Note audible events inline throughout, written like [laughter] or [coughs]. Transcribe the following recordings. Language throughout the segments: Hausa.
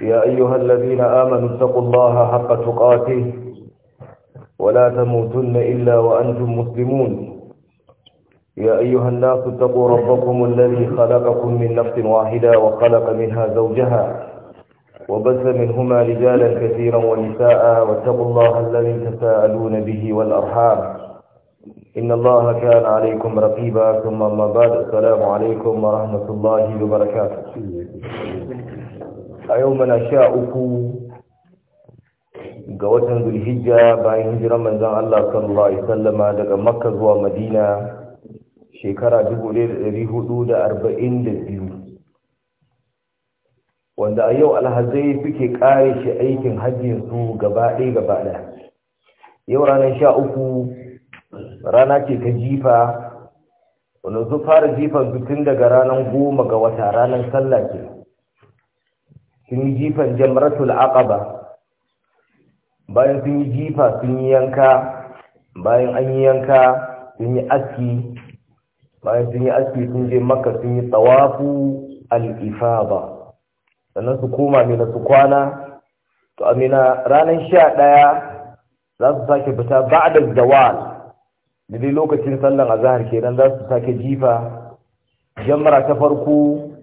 يا أيها الذين آمنوا اتقوا الله حق تقاته ولا تموتن إلا وأنتم مسلمون يا أيها الناس اتقوا ربكم الذي خلقكم من نفس واحدة وخلق منها زوجها وبث منهما رجالا كثيرا ونساء واتقوا الله الذي تساءلون به والأرحام إن الله كان عليكم رقيبا ثم ما بعد السلام عليكم ورحمة الله وبركاته a yau mana sha uku ga watan zulhijja bayan hijiran manzon Allah sallallahu alaihi wasallama daga makka zuwa madina shekara 1442 wanda a yau alhazai suke kare shi aikin hajjin su gaba ɗaya gaba ɗaya yau ranar sha uku rana ce ta jifa wanda su fara jifan su tun daga ranar goma ga wata ranar sallah ke sun yi jifan jamratul aqaba bayan sun yi jifa sun yi yanka bayan an yi yanka sun yi aski bayan sun yi aski sun je makka sun yi tawafu al-ifada sannan su koma da su kwana to amina ranar sha ɗaya za su sake fita ba'da zawal da dai lokacin sallan azahar kenan za su sake jifa jamra ta farko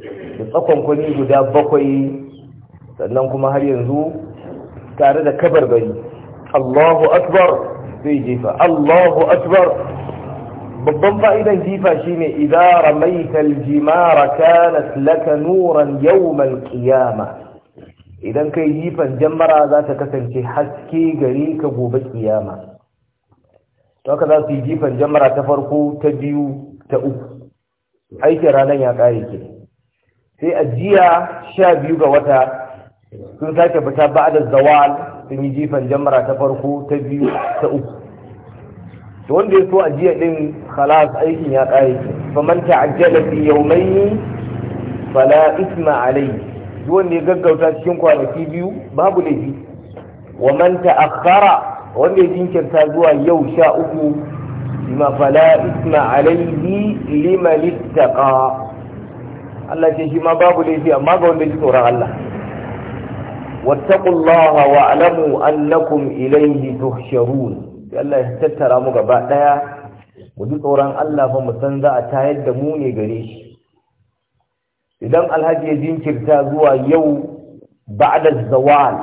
da tsakon kwani guda bakwai sannan kuma har yanzu tare da kabar bari Allahu akbar Zai jefa. Allahu akbar babban fa'idan jifa shine idara mai aljimara kanat laka nuran yawm alqiyama idan kai jifan jammara za ta kasance haske gare ka gobe kiyama to haka za su yi jifan jammara ta farko ta biyu ta uku Aiki ranar ya kare ke sai a jiya sha biyu ga wata sun sake fita ba da zawal sun yi jifan jamara ta farko ta biyu ta uku to wanda ya so a jiya din khalas aikin ya kare faman ta'ajjala fi yawmayni fala isma alayhi duk wanda ya gaggauta cikin kwanaki biyu babu laifi wa man ta'akhkhara wanda ya jinkirta zuwa yau sha uku ma fala isma alayhi liman ittaqa Allah ce shi ma babu laifi amma ga wanda ji tsoron Allah wattaqullaha alamu annakum ilayhi tuhsharun Allah ya tattara mu gaba daya mu ji tsoron Allah fa mu san za a tayar da mu ne gare shi idan alhaji ya jinkirta zuwa yau ba'da zawal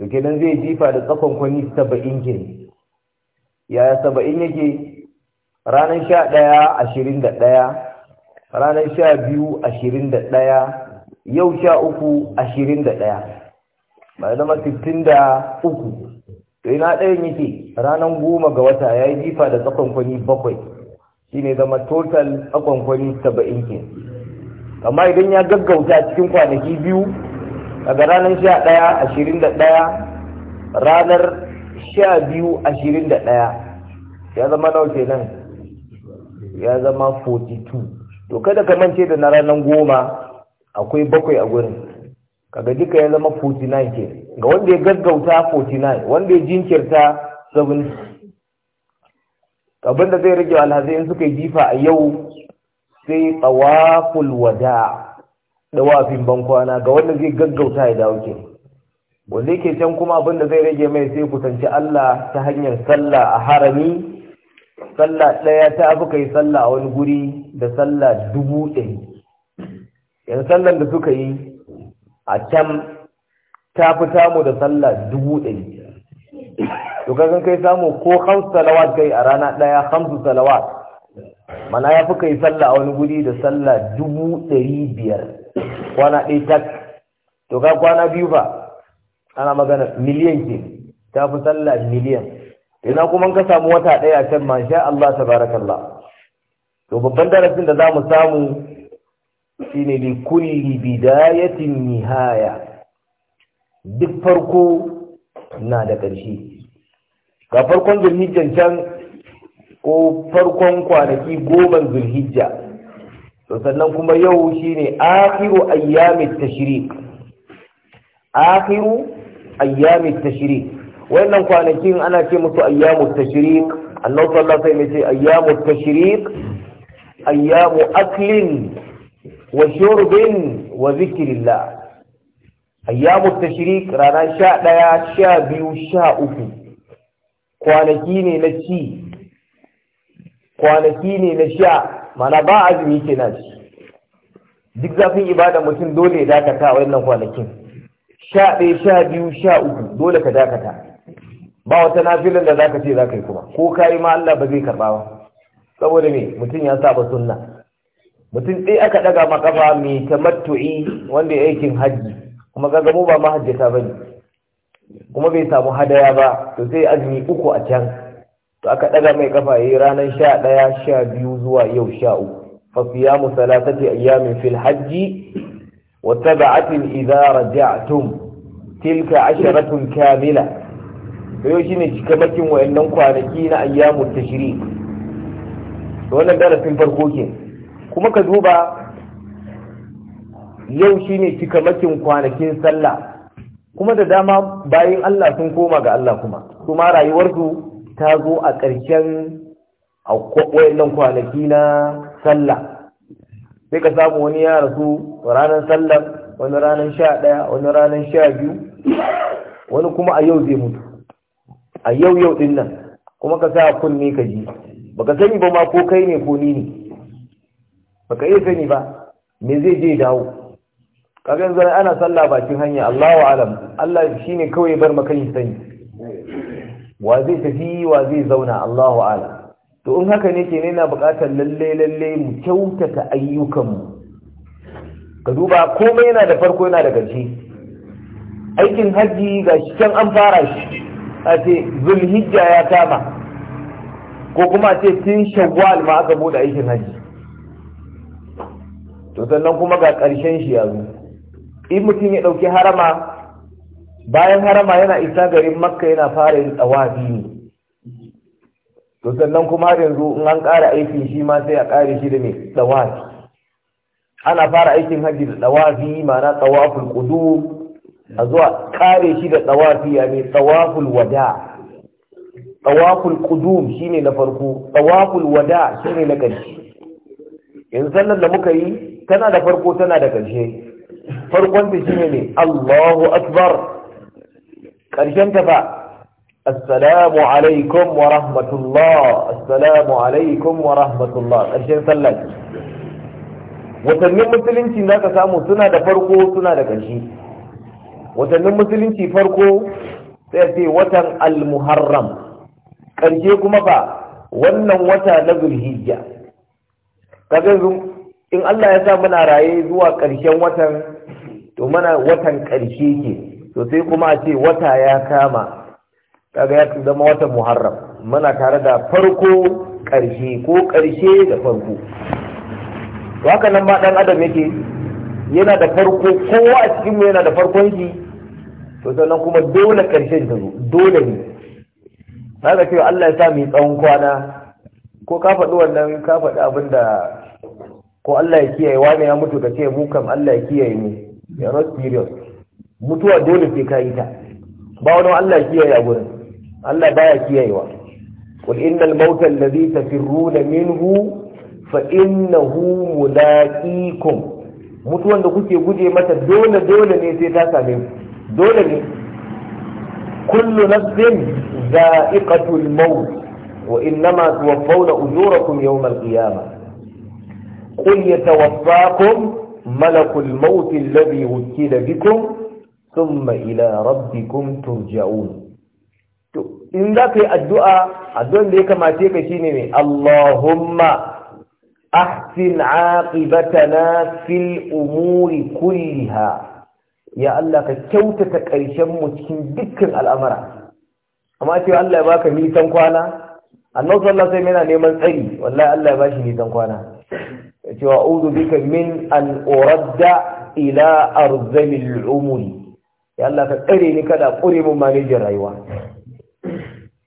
to kenan zai jifa da tsakon kwani saba'in ke yaya saba'in yake ranar sha ɗaya ashirin da ɗaya ranar sha biyu ashirin da ɗaya yau sha uku ashirin da ɗaya ba zama sittin da uku to ina ɗayan yake ranar goma ga wata ya yi jifa da tsakonkwani bakwai shi ne zama total tsakonkwani saba'in ke amma idan ya gaggauta cikin kwanaki biyu daga ranar sha ɗaya ashirin da ɗaya ranar sha biyu ashirin da ɗaya ya zama nau nan ya zama 42 to kada ka mance da na ranar goma akwai bakwai a gurin kaga duka ya zama 49 ke ga wanda ya gaggauta 49 wanda ya jinkirta 70 abin da zai rage alhazai suka yi jifa a yau sai tsawaful wada dawafin bankwana ga wanda zai gaggauta ya dawo ke wanda yake can kuma abinda zai rage mai sai kusanci Allah ta hanyar sallah a harami sallah ɗaya ta abu kai sallah a wani guri da sallah dubu ɗari. yanzu sallan da suka yi a can ta fi tamu da sallah dubu ɗari. to kakan kai samu ko hamsu salawat kai a rana ɗaya hamsu salawat mana ya fi kai sallah a wani guri da sallah dubu ɗari biyar kwana ɗaya tak to ka kwana biyu fa ana magana miliyan ke ta fi sallah miliyan ina kuma ka samu wata ɗaya can ma sha Allah tabarakallah to babban darasin da za mu samu shine li kulli bidayatin nihaya duk farko na da ƙarshe ga farkon zulhijjan can ko farkon kwanaki goma zulhijja to sannan kuma yau shine akhiru ayyamit tashriq akhiru ayyamit tashriq wannan kwanakin ana ce musu ayyamu tashrik annabi sallallahu alaihi wasallam ya ce ayyamu tashrik ayyamu aklin wa shurbin wa zikrillah ayyamu tashrik rana sha ɗaya sha biyu sha uku kwanaki ne na ci kwanaki ne na sha mana ba azumi ke na ci duk zafin ibada mutum dole ya dakata a wannan kwanakin sha ɗaya sha biyu sha uku dole ka dakata ba wata nafilin da zaka ce zaka yi kuma ko kai ma Allah ba zai karba ba saboda me mutum ya saba sunna mutum dai aka daga ma kafa mai tamattu'i wanda ya aikin haji kuma kaga mu ba mahajjata bane kuma bai samu hadaya ba to sai azumi uku a can to aka daga mai kafa yi ranar 11 12 zuwa yau 13 fa siyamu salatati ayyamin fil haji wa tab'atin idza raja'tum tilka asharatun kyamila. to yau ne cika bakin kwanaki na ta ta da wannan darasin farko ke kuma ka duba yau shi cika bakin kwanakin sallah kuma da dama bayan Allah sun koma ga Allah kuma kuma rayuwarsu ta zo a ƙarshen wayannan kwanaki na sallah sai ka samu wani ya rasu ranar sallah, wani ranar sha ɗaya wani ranar sha biyu wani kuma a yau zai mutu a yau yau din nan kuma ka sa kunne ka ji baka sani ba ma ko kai ne ko ni ne baka iya sani ba me zai je dawo kaga yanzu ana sallah bakin hanya Allahu alam Allah shine kawai bar maka yin sani wa zai tafi wa zai zauna Allahu alam to in haka ne ke na bukatar lalle lalle mu kyautata mu ka duba komai yana da farko yana da ƙarshe aikin hajji ga shi can an fara shi a ce zulhijja ya kama ko kuma a ce tun shawwal ma aka bude aikin hajji to sannan kuma ga ƙarshen shi ya in mutum ya ɗauki harama bayan harama yana isa garin makka yana fara yin tsawafi ne to sannan kuma yanzu in an ƙara aikin shi ma sai a ƙare shi da mai tsawafi ana fara aikin hajji da tsawafi ma'ana tsawaful qudum a zuwa kare shi da tsawafi ya ne tsawaful wada tsawaful kudum shine na farko tsawaful wada shine na ƙarshe yanzu sannan da muka yi tana da farko tana da ƙarshe farkon ta shine ne Allahu akbar ƙarshen ta fa assalamu alaikum wa rahmatullah assalamu alaikum wa rahmatullah ƙarshen sallar watannin musulunci za ka samu suna da farko suna da ƙarshe watannin musulunci farko sai ce watan al-muharram ƙarshe kuma ba wannan wata na zulhijja kaga in Allah ya sa muna raye zuwa ƙarshen watan to mana watan ƙarshe ke to sai kuma a ce wata ya kama kaga ya zama watan muharram muna tare da farko karshe ko ƙarshe da farko to haka nan ba ɗan adam yake yana da farko kowa a cikinmu yana da farkon shi to sannan kuma dole karshen ta zo dole ne na ga cewa Allah ya sa mu tsawon kwana ko ka faɗi wannan ka faɗi abin da ko Allah ya kiyaye wani ya mutu ka ce mu kam Allah ya kiyaye ni, ya not serious mutuwa dole sai ka yi ta ba wani Allah ya kiyaye a gurin Allah baya kiyayewa qul innal mauta allazi tafirruna minhu fa innahu mulaqikum mutuwan da kuke guje mata dole dole ne sai ta same ku دول كل نفس ذائقة الموت وإنما توفون أجوركم يوم القيامة قل يتوفاكم ملك الموت الذي وكل بكم ثم إلى ربكم ترجعون إن ذاك الدعاء الدعاء اللي كما تيك شيني اللهم أحسن عاقبتنا في الأمور كلها ya Allah ka kyautata ƙarshen mu cikin dukkan al'amara amma ce Allah ya baka nisan kwana annabi sallallahu alaihi wasallam yana neman tsari wallahi Allah ya bashi nisan kwana yace wa a'udhu bika min an uradda ila arzamil umri ya Allah ka tsare ni kada kure mun manajin rayuwa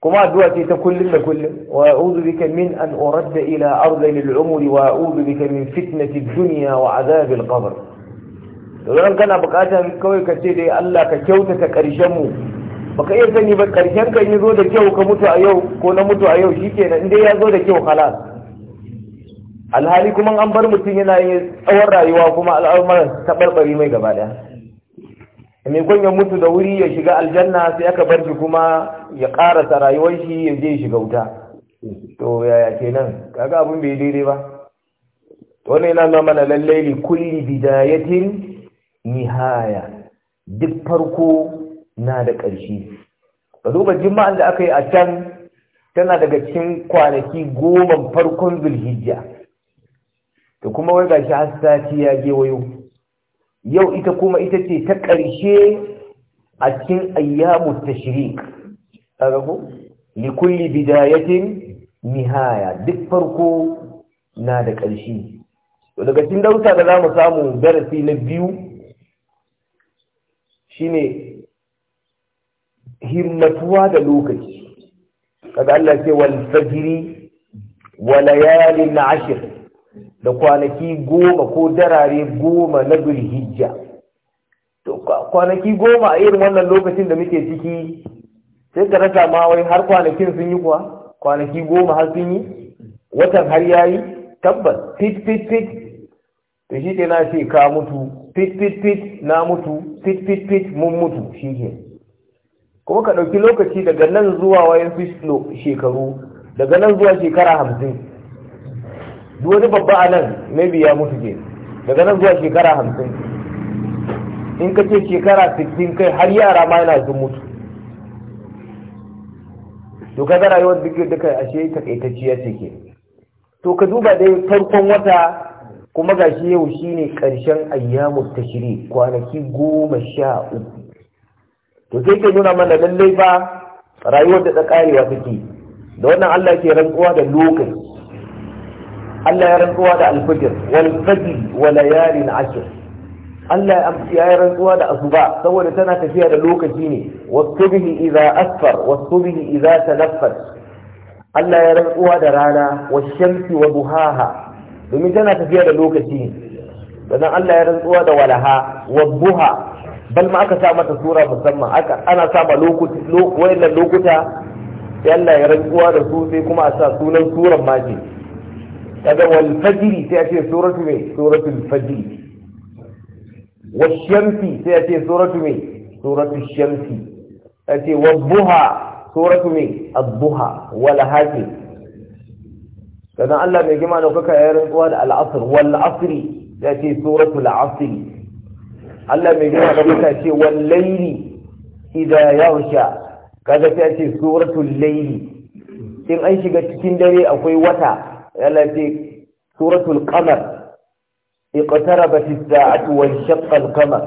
kuma addu'a ce ta kullum da kullum wa a'udhu bika min an uradda ila arzalil umri wa a'udhu bika min fitnatid dunya wa adhabil qabr zauren kana bukatar kawai ka ce dai Allah ka kyautata karshen mu ka iya sani ba karshen ka yi zo da kyau ka mutu a yau ko na mutu a yau shikenan inda ya zo da kyau halas alhali kuma an bar mutum yana yin tsawon rayuwa kuma al'amuran taɓarɓari mai gaba ɗaya mai ya mutu da wuri ya shiga aljanna sai aka bar shi kuma ya karasa rayuwar shi ya je shiga wuta to yaya kenan kaga abin bai daidai ba wannan yana nuna mana lallai kulli bidayatin nihaya duk farko na da ƙarshe ka duba jima'an da aka yi a can tana daga cikin kwanaki goma farkon zulhijja to kuma wai gashi har sati ya je wayo yau ita kuma ita ce ta ƙarshe a cikin ayyamu ta kaga ko ni kulli bidayatin nihaya duk farko na da ƙarshe daga cikin dausa da za mu samu darasi na biyu shine himmatuwa da lokaci kaga Allah ce wal fajri wa layalin ashr da kwanaki goma ko darare goma na zulhijja to kwanaki goma a irin wannan lokacin da muke ciki sai ka rasa ma wai har kwanakin sun yi kuwa kwanaki goma har sun yi watan har yayi tabbas fit fit fit to shi ke na ce ka mutu fit fit fit na mutu fit fit fit mun mutu shi ke kuma ka ɗauki lokaci daga nan zuwa wayan shekaru daga nan zuwa shekara hamsin duk wani babba a nan maybe ya mutu ke daga nan zuwa shekara hamsin in ka ce shekara 60 kai har yara ma yana sun mutu to ka rayuwar duk duka ashe takaitacciya ce ke to ka duba dai farkon wata kuma ga shi yau shi ne ƙarshen ayyamu ta shiri kwanaki goma sha uku to sai ke nuna mana lallai ba rayuwar da ta ƙarewa take da wannan Allah ke rantsuwa da lokaci Allah ya rantsuwa da alfajir wal fajr wa layalin ashr Allah ya yi rantsuwa da asuba saboda tana tafiya da lokaci ne wasubhi idza asfar wasubhi idza tanaffas Allah ya rantsuwa da rana washamsi wa duhaha domin tana tafiya da lokaci sannan Allah ya rantsuwa da walaha wa buha bal ma aka sa mata sura musamman aka ana sa ma lokuta lokuta sai Allah ya rantsuwa da su sai kuma a sa sunan suran ma ce kaga wal fajri sai a ce suratu mai suratul fajri Wa shamsi sai a ce suratu mai suratul shamsi a ce wa buha suratu mai ad-duha wal sannan Allah mai gima ɗaukaka ya rantsuwa da al'asr wal asri ya ce suratul asri Allah mai gima ɗaukaka ce wal laili idza yaghsha kaga sai ce suratul laili in an shiga cikin dare akwai wata Allah ce suratul qamar iqtarabatis sa'atu wan shaqqa al qamar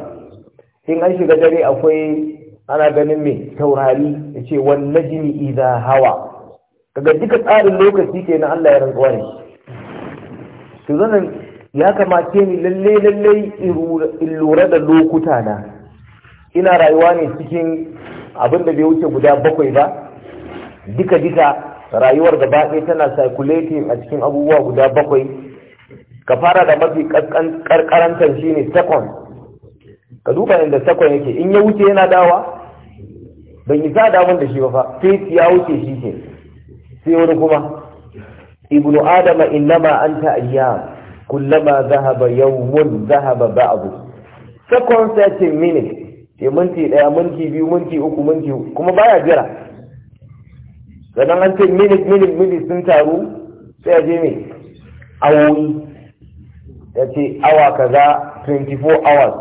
in an shiga dare akwai ana ganin me taurari yace wan najmi idza hawa kaga duka tsarin lokaci ke na Allah ya rantsuwa ne su zanen ya kamace ni lalle lalle in lura da lokuta na ina rayuwa ne cikin abinda bai wuce guda bakwai ba duka duka rayuwar gaba ɗaya tana circulating a cikin abubuwa guda bakwai ka fara da mafi karkarantar shine second ka duba inda second yake in ya wuce yana dawa ban yi sa damun da shi ba fa ya wuce shi ke sai wani kuma ibnu adama innama anta ayyam kullama zahaba yawmun zahaba ba'du second 30 minutes sai minti daya minti biyu minti uku minti kuma baya jira sannan an ce minute minute minute sun taru sai je me awoyi ya ce awa kaza 24 hours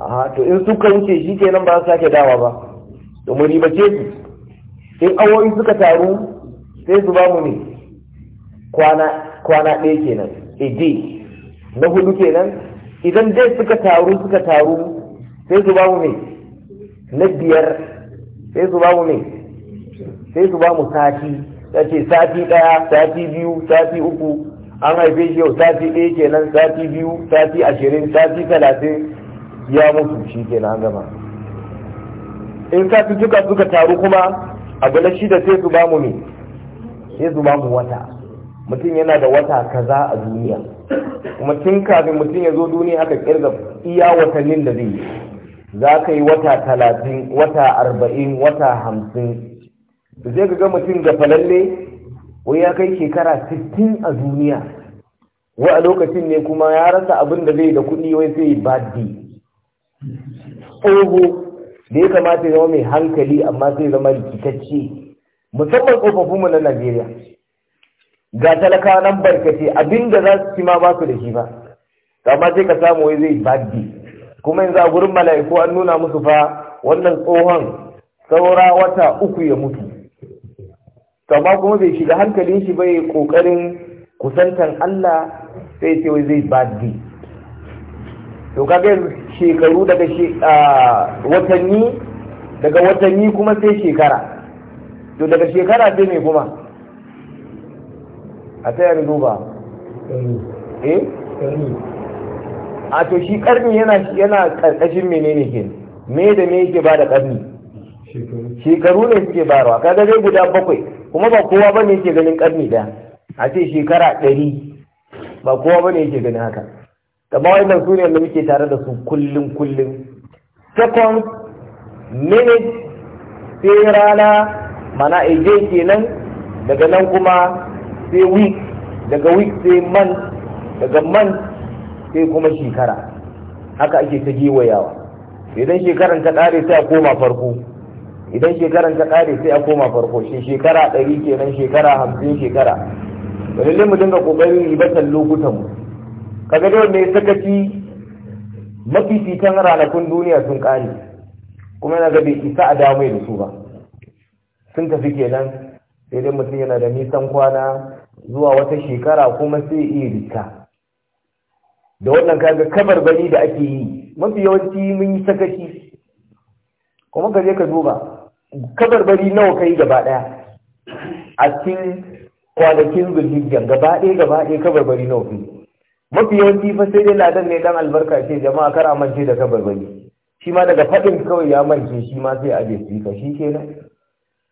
aha to in suka wuce shi kenan ba za su sake dawa ba domin ribace su sai awoyi suka taru sai su ba mu ne kwana ɗaya kenan a day na hudu kenan idan dai suka taru suka taru sai su ba mu ne na biyar sai su ba mu ne sai su ba mu sati ta ce sati ɗaya sati biyu sati uku an haife shi yau sati ɗaya kenan sati biyu sati ashirin sati talatin ya mutu shi kenan an gama in sati suka suka taru kuma abu na shida sai su bamu ne sai zuba mu wata mutum yana da wata kaza a duniya kuma tun kafin mutum ya zo duniya aka kirga iya watannin da zai yi za ka yi wata talatin wata arba'in wata hamsin sai ka ga mutum ga falalle wai ya kai shekara sittin a duniya wai a lokacin ne kuma ya rasa abin da zai da kuɗi wai sai baddi tsoho da ya kamata ya zama mai hankali amma sai zama rikitacce musamman mu na najeriya ga talaka nan barkace abinda za su ci ma ba su da shi ba amma sai ka samu wai zai baddi kuma yanzu a gurin mala'iku an nuna musu fa wannan tsohon saura wata uku ya mutu amma kuma bai shiga hankalin shi bai kokarin kusantan Allah sai ce wai zai baddi to kaga shekaru daga watanni daga watanni kuma sai shekara to daga shekara sai mai kuma a ta yari duba eh a to shi karni yana yana karkashin menene ke me da me yake ba da karni shekaru ne suke barawa kaga zai guda bakwai kuma ba kowa bane yake ganin karni da a ce shekara ɗari ba kowa bane yake ganin haka kamar wannan su ne da muke tare da su kullum kullum second minute sai rana mana ije kenan daga nan kuma sai week daga week sai month daga month sai kuma shekara haka ake ta giwayawa idan shekaran ta ƙare sai a koma farko idan shekaran ta ƙare sai a koma farko shi shekara ɗari kenan shekara hamsin shekara dalilin mu dinga ƙoƙarin ibatan lokutan mu kaga da wanda ya sakaci fitan ranakun duniya sun kare kuma yana ga bai isa a damu da su ba sun tafi kenan sai dai mutum yana da nisan kwana zuwa wata shekara kuma sai iya rika da wannan kaga kabar bari da ake yi mafi yawanci mun yi sakaci kuma ka je ka duba kabar bari nawa kai gaba daya a cikin kwanakin zulhijjan gaba ɗaya gaba ɗaya kabar bari nawa kai mafi yawanci fa sai dai ladan ne dan albarka ce jama'a kar a amince da kabarbari shi ma daga fadin kawai ya mance shi ma sai a jefi ka shi kenan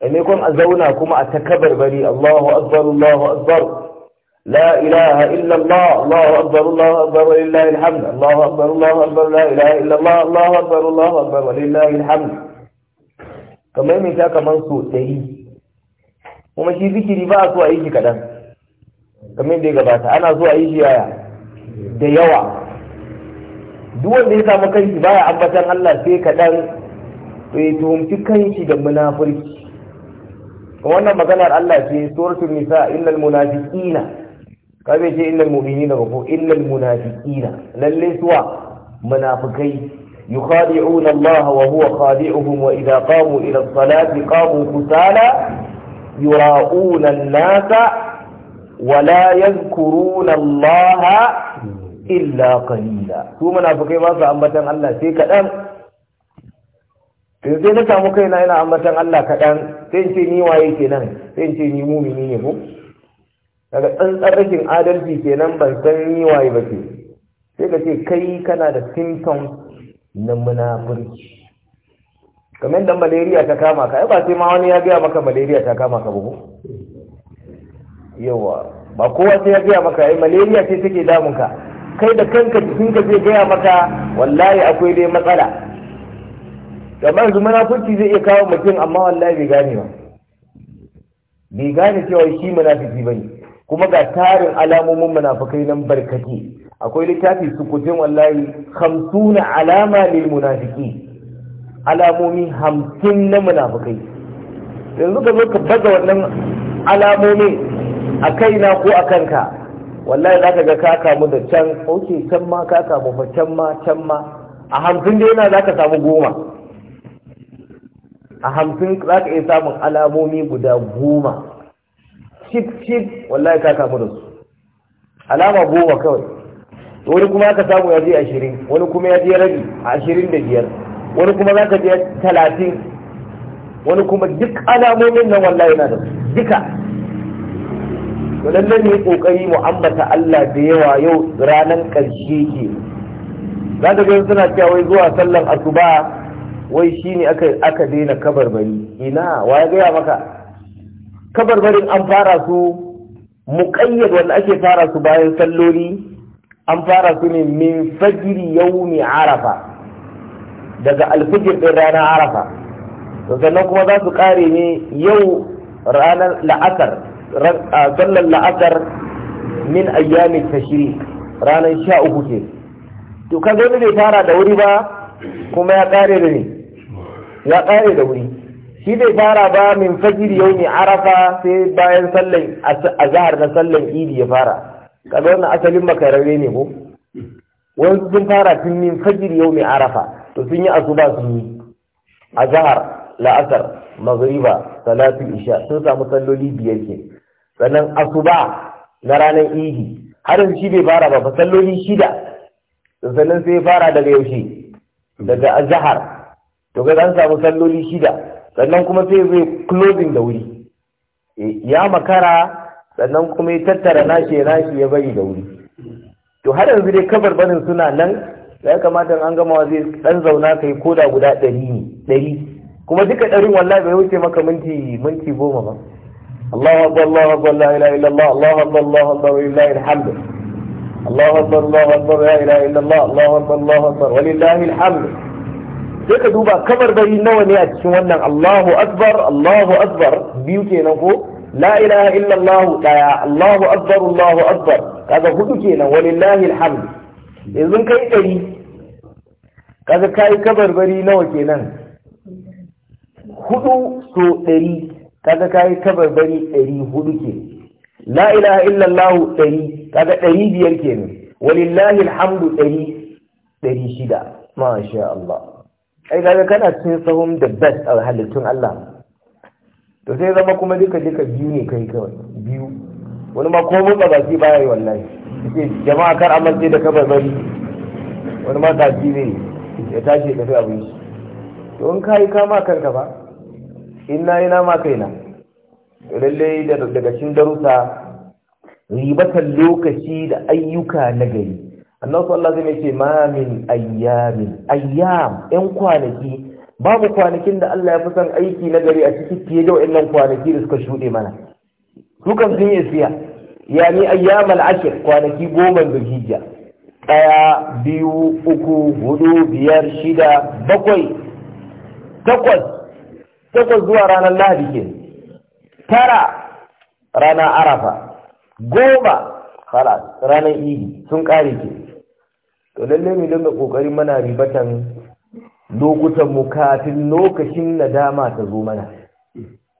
a ne kun a zauna kuma a ta kabarbari Allahu akbar Allahu akbar la ilaha illa Allah Allahu akbar Allahu akbar walillahi alhamd Allahu akbar Allahu akbar la ilaha illa Allah Allahu akbar Allahu akbar walillahi alhamd kamar mai ta kamar so tsayi kuma shi zikiri ba a so a yi shi kaɗan kamar da ya gabata ana so a yi shi yaya da yawa duk wanda ya samu kanshi baya ambatan Allah sai kaɗan ya tuhumci kanshi da munafurci wannan maganar Allah ce suratul nisa illal munafiqina kabe ce illal mu'minina ko illal munafiqina lalle suwa munafikai yukhadi'una Allah wa huwa khadi'uhum wa idha qamu ila as-salati qamu kusala yura'una an-nasa wa la yadhkuruna Allah illa qalila su munafikai ba su ambatan Allah sai kaɗan sai na samu kaina ina ambatan Allah kaɗan sai in ce ni waye kenan sai in ce ni mumini ne ko daga tsantsar rashin adalci kenan ban san ni waye ba ke sai ka ce kai kana da symptom na munafurci kamar da malaria ta kama ka ba sai ma wani ya gaya maka malaria ta kama ka bugu yawa ba kowa sai ya gaya maka ai malaria ce take damun ka kai da kanka ka zai gaya maka wallahi akwai dai matsala kamar yanzu munafurci zai iya kawo mutum amma wallahi bai gane ba bai gane cewa shi munafiki bane kuma ga tarin alamomin munafikai nan barkati akwai littafi su sukutin wallahi hamsuna alama lil munafiki alamomi hamsin na munafikai yanzu ka zo ka baza wannan alamomin a kaina ko a kanka wallahi za ka ga ka kamu da can ok can ma ka kamu fa can ma can ma a hamsin da yana za ka samu goma a hamsin za ka iya samun alamomi guda goma chip chip wallahi ka kamu da su alama goma kawai wani kuma ka samu ya je ashirin wani kuma ya je rabi ashirin da biyar wani kuma za ka je talatin wani kuma duk alamomin nan wallahi na da su duka to lallai ne kokari mu ambata Allah da yawa yau ranan karshe ke za ta gani suna cewa wai zuwa sallan asuba wai shine aka aka daina kabarbari ina wa ya gaya maka kabarbarin an fara su muqayyad wanda ake fara su bayan salloli an fara su ne min fajiri yaumi arafa daga alfijir din ranar arafa sannan kuma za su kare ne yau ranar la'asar sallar la'asar min ayyamin shiri ranar sha uku ce to ka gani bai fara da wuri ba kuma ya kare da ne ya kare da wuri shi bai fara ba min fajir yau ne arafa sai bayan sallan azhar na sallan idi ya fara kaga wannan asalin makararre ne ko wasu sun fara tun min fajir yau ne arafa to sun yi asuba sun yi azhar la'asar maghriba salatu isha sun samu salloli biyar ke sannan asuba na ranar idi har yanzu shi bai fara ba fasalloli shida sannan sai ya fara daga yaushe daga azahar, to ga an samu salloli shida sannan kuma sai zai closing da wuri ya makara sannan kuma ya tattara nashi nashi ya bari da wuri to har yanzu dai kabar banin suna nan da ya kamata an gama zai dan zauna kai koda guda ɗari ne ɗari kuma duka ɗarin wallahi bai wuce maka minti minti goma ba الله أكبر الله أكبر لا إله إلا الله الله أكبر الله أكبر ولله الحمد الله أكبر الله أكبر لا إله إلا الله الله أكبر الله أكبر ولله الحمد sai ka duba kamar bari nawa ne a cikin wannan Allahu akbar Allahu akbar biyu kenan ko la ilaha illa illallah daya Allahu akbar Allahu akbar kaga hudu kenan walillahi alhamd yanzu kai dari kaga kai kabar bari nawa kenan hudu so dari kaga kayi kabarbari ɗari hudu ke la ilaha illallahu ɗari kaga ɗari biyar ke ne walillahi alhamdu ɗari ɗari shida masha Allah ai kaga kana cin sahun da best a halittun Allah to sai zama kuma duka duka biyu ne kai kawai biyu wani ma ko motsa baki baya yi wallahi ce jama'a kar amince da kabarbari wani ma baki ne ya tashi ya tafi abin shi to in kayi kama kanka ba inna ina ma kaina lalle daga cikin darussa ribata lokaci da ayyuka na gari annabi sallallahu alaihi wasallam ce ma min ayyamin ayyam ɗan kwanaki babu kwanakin da Allah ya fi son aiki na gari a cikin fiye da wa'annan kwanaki da suka shuɗe mana dukan sun yi siya yani ayyamal ashir kwanaki goma da hijja ɗaya biyu uku hudu biyar shida bakwai takwas takwas zuwa ranar lahadi ke tara ranar arafa goma halas ranar idi sun kare ke to lalle mu dinga kokari mana ribatan lokutan mu kafin lokacin nadama ta zo mana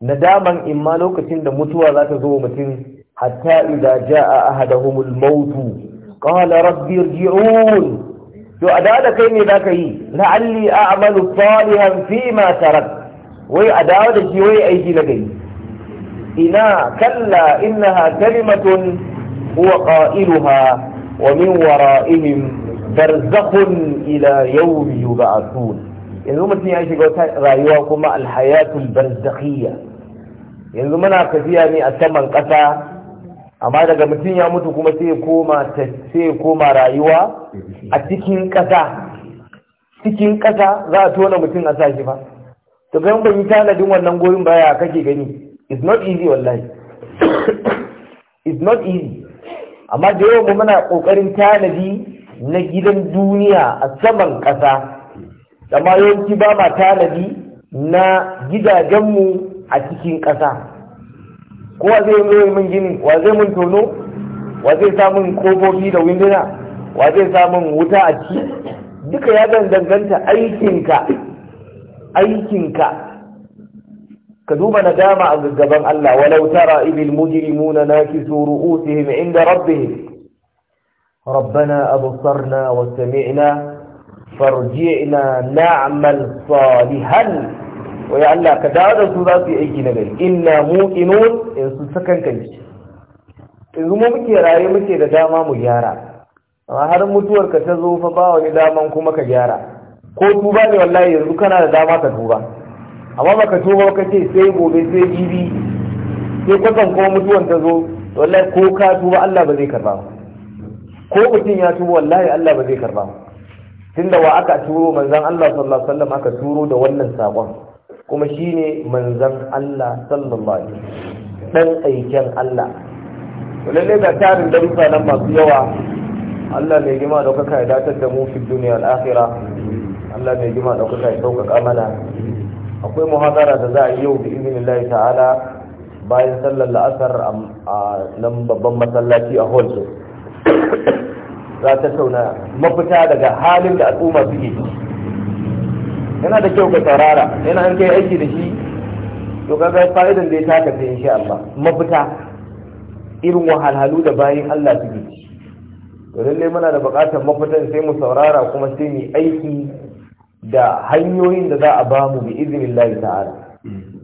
nadaman in ma lokacin da mutuwa za ta zo mutum hatta idza jaa ahaduhumul mautu qala rabbi irji'un to a da kai ne zaka yi la'alli a'malu salihan fi ma tarak wai a dawo da shi wai aiki na gari ina kalla innaha kalimatun huwa qailuha wa min wara'ihim barzakhun ila yawmi yub'athun yanzu mutum ya shiga wata rayuwa kuma alhayatul barzakhiyya yanzu muna kafiya ne a saman kasa amma daga mutum ya mutu kuma sai koma sai koma rayuwa a cikin kasa cikin kasa za a tona mutum a sa shi ba to kai ban yi tanadin wannan goyon baya kake gani it's not easy wallahi [coughs] it's not easy amma da yawan muna kokarin tanadi na gidan duniya a saman ƙasa amma yawanci ba ma tanadi na gidajenmu a cikin ƙasa kowa zai yi min gini wa zai mun tono wa zai samun kofofi da winduna wa zai samun wuta a ciki duka ya danganta aikinka aikinka ka duba nadama a gaggaban Allah walau tara ibil mujrimuna nakisu ru'usihim inda rabbihim rabbana absarna wa sami'na farji'na na'mal salihan wa ya Allah ka dawo da su za su yi aiki na gari inna muqinun in su sakan kan ci mu muke raye muke da dama mu gyara har mutuwar ka ta zo fa ba wani daman kuma ka gyara ko tuba ne wallahi yanzu kana da dama ka tuba amma baka tuba ka ce sai gobe sai bibi. sai kwatan kuma mutuwan ta zo wallahi ko ka tuba Allah ba zai karba ko mutum ya tuba wallahi Allah ba zai karba tunda wa aka turo manzon Allah sallallahu alaihi wasallam aka turo da wannan sakon kuma shine manzon Allah sallallahu alaihi wasallam dan aikin Allah lalle da tarin darussa nan masu yawa Allah mai gima da kuka ya datar da mu fi duniya al-akhirah Allah mai jima da kuka ya sauƙaƙa mana akwai muhadara da za a yi yau bi izinin Allah ta'ala bayan sallar la'asar a nan babban masallaci a hall za ta tauna mafita daga halin da al'umma suke yana da kyau ka tarara yana an kai aiki da shi to kaga fa'idan da ya taka sai insha Allah mafita irin wahalhalu da bayan Allah suke ci to lalle muna da buƙatar mafitan sai mu saurara kuma sai mu aiki da hanyoyin da za a ba mu bi lahi ta'ala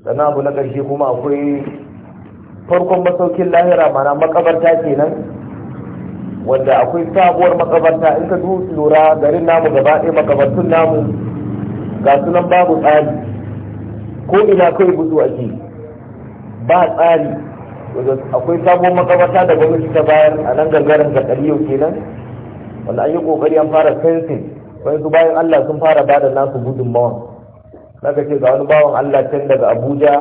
sannan abu na ƙarshe kuma akwai farkon masaukin lahira mana makabarta kenan wanda akwai sabuwar makabarta in ka dusu lura garin namu gaba ɗaya makabartun namu ga sunan babu tsari ko ina kai gudu ake ba tsari akwai sabuwar makabarta da gwamnati ta bayar a nan gangaren ga ɗari yau kenan wanda an yi ƙoƙari an fara fensin wani su bayan Allah sun fara bada nasu gudunmawan naka ce ga wani bawan Allah can daga Abuja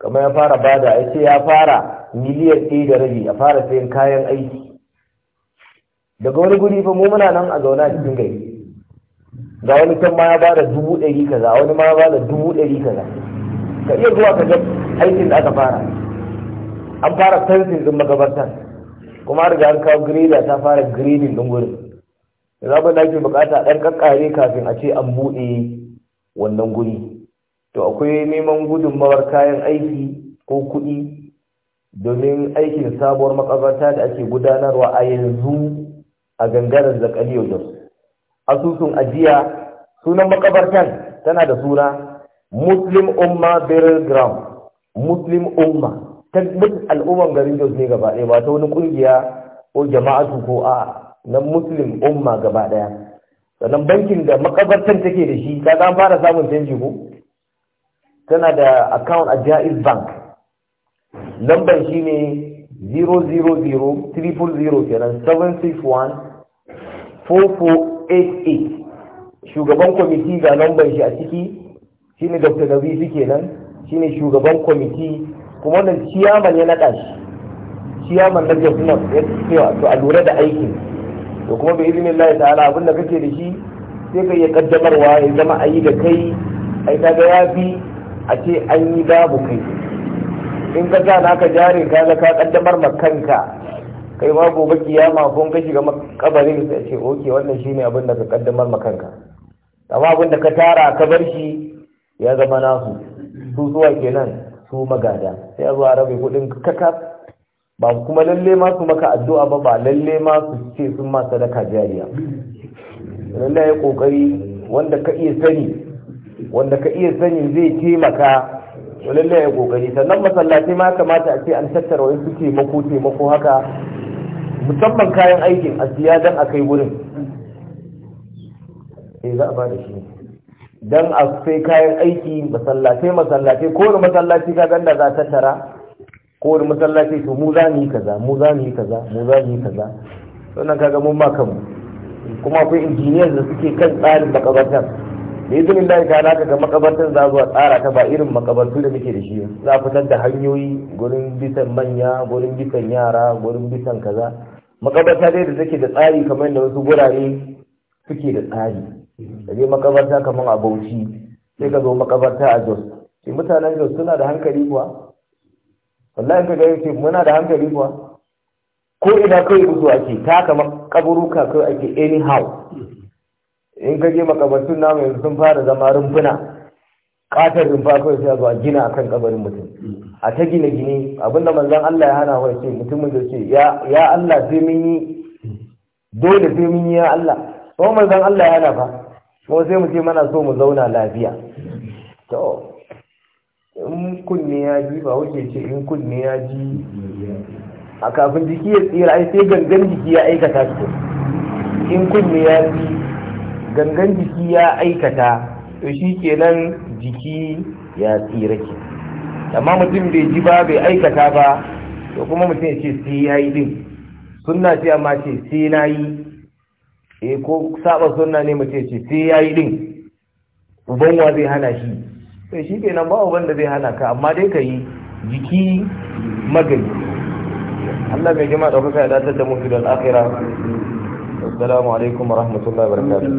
kamar ya fara bada ya ce ya fara miliyan ɗaya da rabi a fara sayan kayan aiki daga wani guri fa mu muna nan a zauna cikin gari ga wani can ma ya bada dubu ɗari kaza wani ma ya bada dubu ɗari kaza ka iya zuwa ka ga aikin da aka fara an fara fensin din makabartar kuma riga an kawo greda ta fara gredin din gurin yanzu abin da ake bukata ɗan kakkare kafin a ce an buɗe wannan guri to akwai neman gudunmawar kayan aiki ko kuɗi domin aikin sabuwar makabarta da ake gudanarwa a yanzu a gangaren zakali yau asusun ajiya sunan makabartan tana da suna muslim umma burial ground muslim umma ta al'umman garin jos ne gaba ɗaya ba ta wani ƙungiya ko jama'atu ko a'a na muslim umma gaba daya sannan bankin da makabartan take da shi ta an fara samun canji ko tana da account a jaiz bank lambar shi ne 000 kenan 761-4488 shugaban kwamiti ga lambar shi a ciki shi ne dr nazifi kenan shi ne shugaban kwamiti kuma wannan ciyaman ya naɗa shi ciyaman na jasunan ya cewa to a lura da aikin to kuma bi izinin Allah ta'ala abin da kake da shi sai ka iya kaddamarwa ya zama ayi da kai ai ga yafi a ce an yi babu kai in ka sa naka jari ka ga ka kaddamar ma kanka kai ma gobe kiyama kun ka shiga kabarin sai ce oke wannan shine abin da ka kaddamar ma kanka amma abin da ka tara ka bar shi ya zama nasu su zuwa kenan su magada sai a zuwa rabe kudin kakas ba kuma lalle ma su maka addu'a ba ba lalle ma su ce sun ma sadaka jariya lalle ya kokari wanda ka iya sani wanda ka iya sani zai taimaka lalle ya kokari sannan masallaci ma kamata a ce an tattara wani su taimako taimako haka musamman kayan aikin a siya don a kai wurin eh za a ba da shi Dan a sai kayan aiki masallace-masallace, masallatai ko masallaci ka ganda za a tattara Ko wani masallaci to mu za mu yi kaza mu za mu yi kaza mu za mu yi kaza sannan kaga mun ba kanmu kuma akwai injiniyar da suke kan tsarin makabartar da izinin da ka kana kaga makabartar za zuwa tsara ta ba irin makabartu da muke da shi za a fitar da hanyoyi gurin bisan manya gurin bisan yara gurin bisan kaza makabarta dai da take da tsari kamar yadda wasu gurare suke da tsari da dai makabarta kamar a bauchi sai ka zo makabarta a jos sai mutanen jos suna da hankali kuwa wallahi ka gani ce muna da hankali kuwa ko ina kai gudu ake ta kama kaburuka kai ake anyhow in ka je makabartun namu yanzu sun fara zama rumfuna katar rumfa kawai sai zuwa gina akan kabarin mutum a ta gina gine abinda manzon Allah ya hana wa ce mutumin da ce ya Allah sai mun yi dole sai mun yi ya Allah kuma manzon Allah ya hana fa kuma sai mu ce mana so mu zauna lafiya to kunne ya ji ba wuce ce in kunne ya ji a kafin jiki ya tsira ai sai gangan jiki ya aikata su in kunne ya ji gangan jiki ya aikata to shi kenan jiki ya tsira ke amma mutum bai ji ba bai aikata ba to kuma mutum ya ce sai ya yi din sunna ce amma ce sai na yi e ko saba sunna ne mutum ya ce sai ya yi din uban wa zai hana shi sai shi kenan ba uban da zai hana ka amma dai ka yi jiki magani Allah mai jima ɗaukaka ya datar da mu fi da al'akira assalamu alaikum wa rahmatullahi wa barakatuh